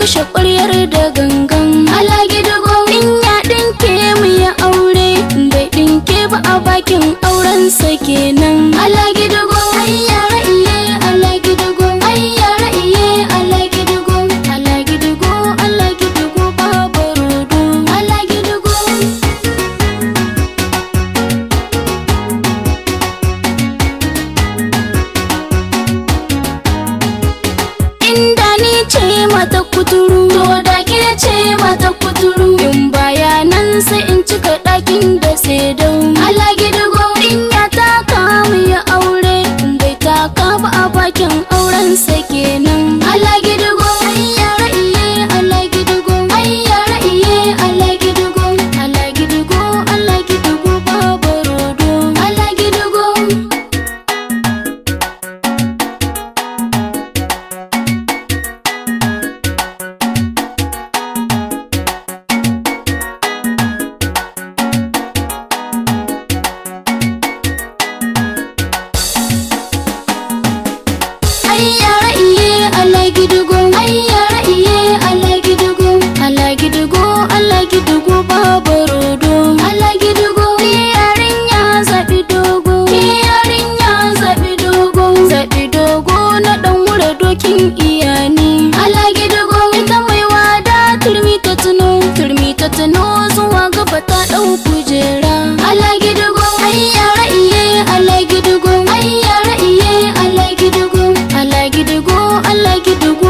kashe ƙwarya kuturu to da ke ce mata kuturu in ba I like you to go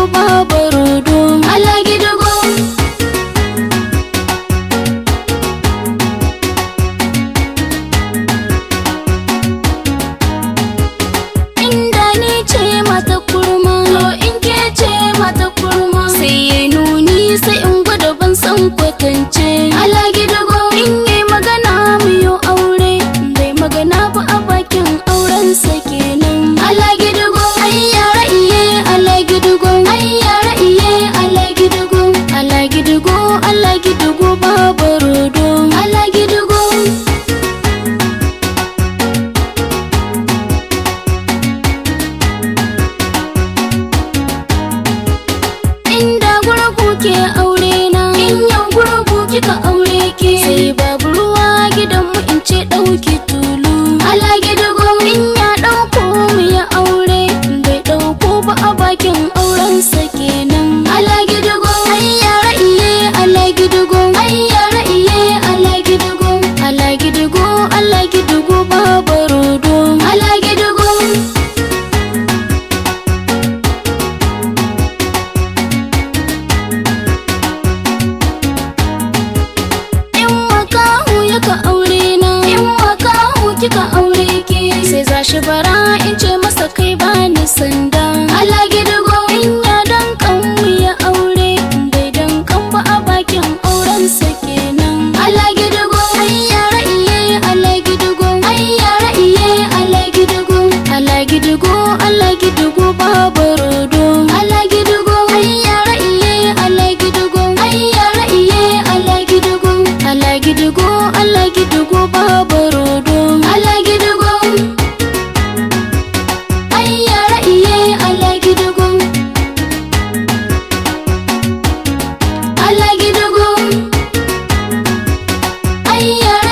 baru kika aure ki sai zashi bara in ce masa kai bani sanda Allah gidan yeah.